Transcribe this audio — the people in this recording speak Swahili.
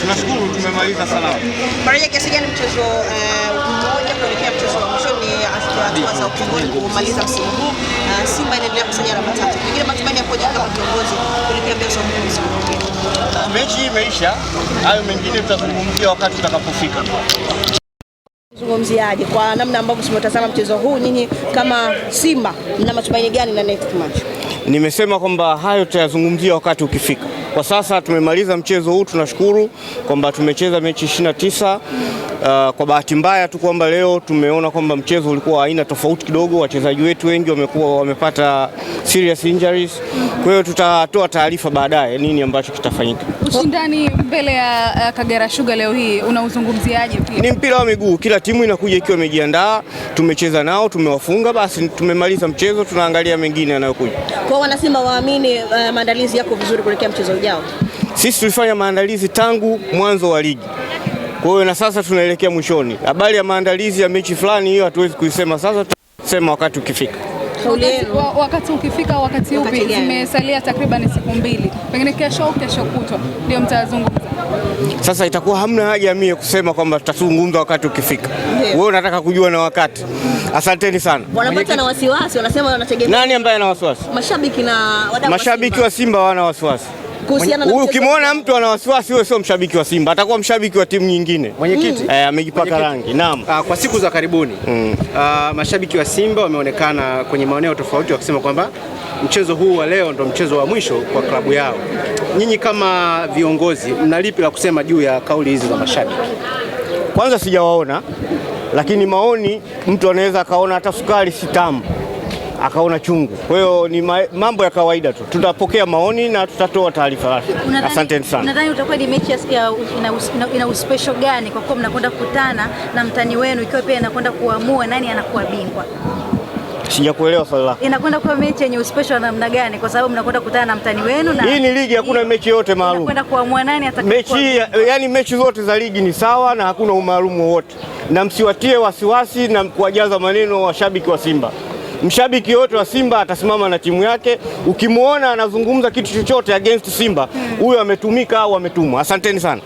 Tunashukuru tumemaliza salama. Baraka, kiasi gani mchezo mmoja eh, kuelekea mchezo wa mwisho ni hatua za ukingoni kumaliza msimu huu, eh, Simba inaendelea kusanya alama tatu. Pengine matumaini ya kuja kama kiongozi kuelekea mchezo ya mwisho? Eh, mechi imeisha, hayo mengine tutazungumzia wakati utakapofika. Zungumziaje kwa namna ambavyo tumetazama mchezo huu, nyinyi kama Simba mna matumaini gani na next match? Nimesema kwamba hayo tutayazungumzia wakati ukifika. Kwa sasa tumemaliza mchezo huu, tunashukuru kwamba tumecheza mechi 29. Uh, kwa bahati mbaya tu kwamba leo tumeona kwamba mchezo ulikuwa aina tofauti kidogo, wachezaji wetu wengi wamekuwa wamepata serious injuries. Kwa hiyo tutatoa taarifa baadaye nini ambacho kitafanyika. Ushindani mbele ya uh, Kagera Sugar leo hii unauzungumziaje? Pia ni mpira wa miguu, kila timu inakuja ikiwa imejiandaa. Tumecheza nao, tumewafunga, basi tumemaliza mchezo, tunaangalia mengine yanayokuja. Kwa wanasimba waamini uh, maandalizi yako vizuri kuelekea mchezo ujao? Sisi tulifanya maandalizi tangu mwanzo wa ligi, kwa hiyo na sasa tunaelekea mwishoni. Habari ya maandalizi ya mechi fulani hiyo hatuwezi kuisema sasa, tusema wakati ukifika wakati, ukifika wakati upi? Zimesalia takriban siku mbili, pengine kesho au kesho kutwa ndio mtazungumza. Sasa itakuwa hamna haja mie kusema kwamba tutazungumza wakati ukifika. Wewe unataka kujua na wakati. Asanteni sana. Wanapata na wasiwasi, wanasema wanategemea. Nani ambaye ana wasiwasi? Mashabiki na wadau. Mashabiki wa Simba wana wasiwasi. Huyu ukimwona mtu ana wasiwasi, wewe sio mshabiki wa Simba, atakuwa mshabiki wa timu nyingine. Mwenyekiti eh, amejipaka rangi. Naam. Ah, kwa siku za karibuni mm. Ah, mashabiki wa Simba wameonekana kwenye maeneo tofauti wakisema kwamba mchezo huu wa leo ndo mchezo wa mwisho kwa klabu yao. Nyinyi kama viongozi mnalipi la kusema juu ya kauli hizi za mashabiki? Kwanza sijawaona, lakini maoni mtu anaweza akaona hata sukari si tamu akaona chungu. Kwa hiyo ni ma, mambo ya kawaida tu, tutapokea maoni na tutatoa taarifa rasmi. Asante sana. Nadhani utakuwa ni mechi ya ina ina, uspesho gani kwa kuwa mnakwenda kukutana na mtani wenu ikiwa pia inakwenda kuamua nani anakuwa bingwa? Sijakuelewa swali lako. Inakwenda kuwa mechi yenye uspesho namna gani kwa sababu mnakwenda kukutana na mtani wenu na Hii ni ligi hakuna mechi yote maalum. Inakwenda kuamua nani atakayekuwa Mechi yani mechi zote za ligi ni sawa na hakuna umaalumu wowote. Na msiwatie wasiwasi na kuwajaza maneno washabiki wa Simba mshabiki yote wa Simba atasimama na timu yake. Ukimwona anazungumza kitu chochote against Simba, hmm. huyo ametumika au ametumwa. Asanteni sana.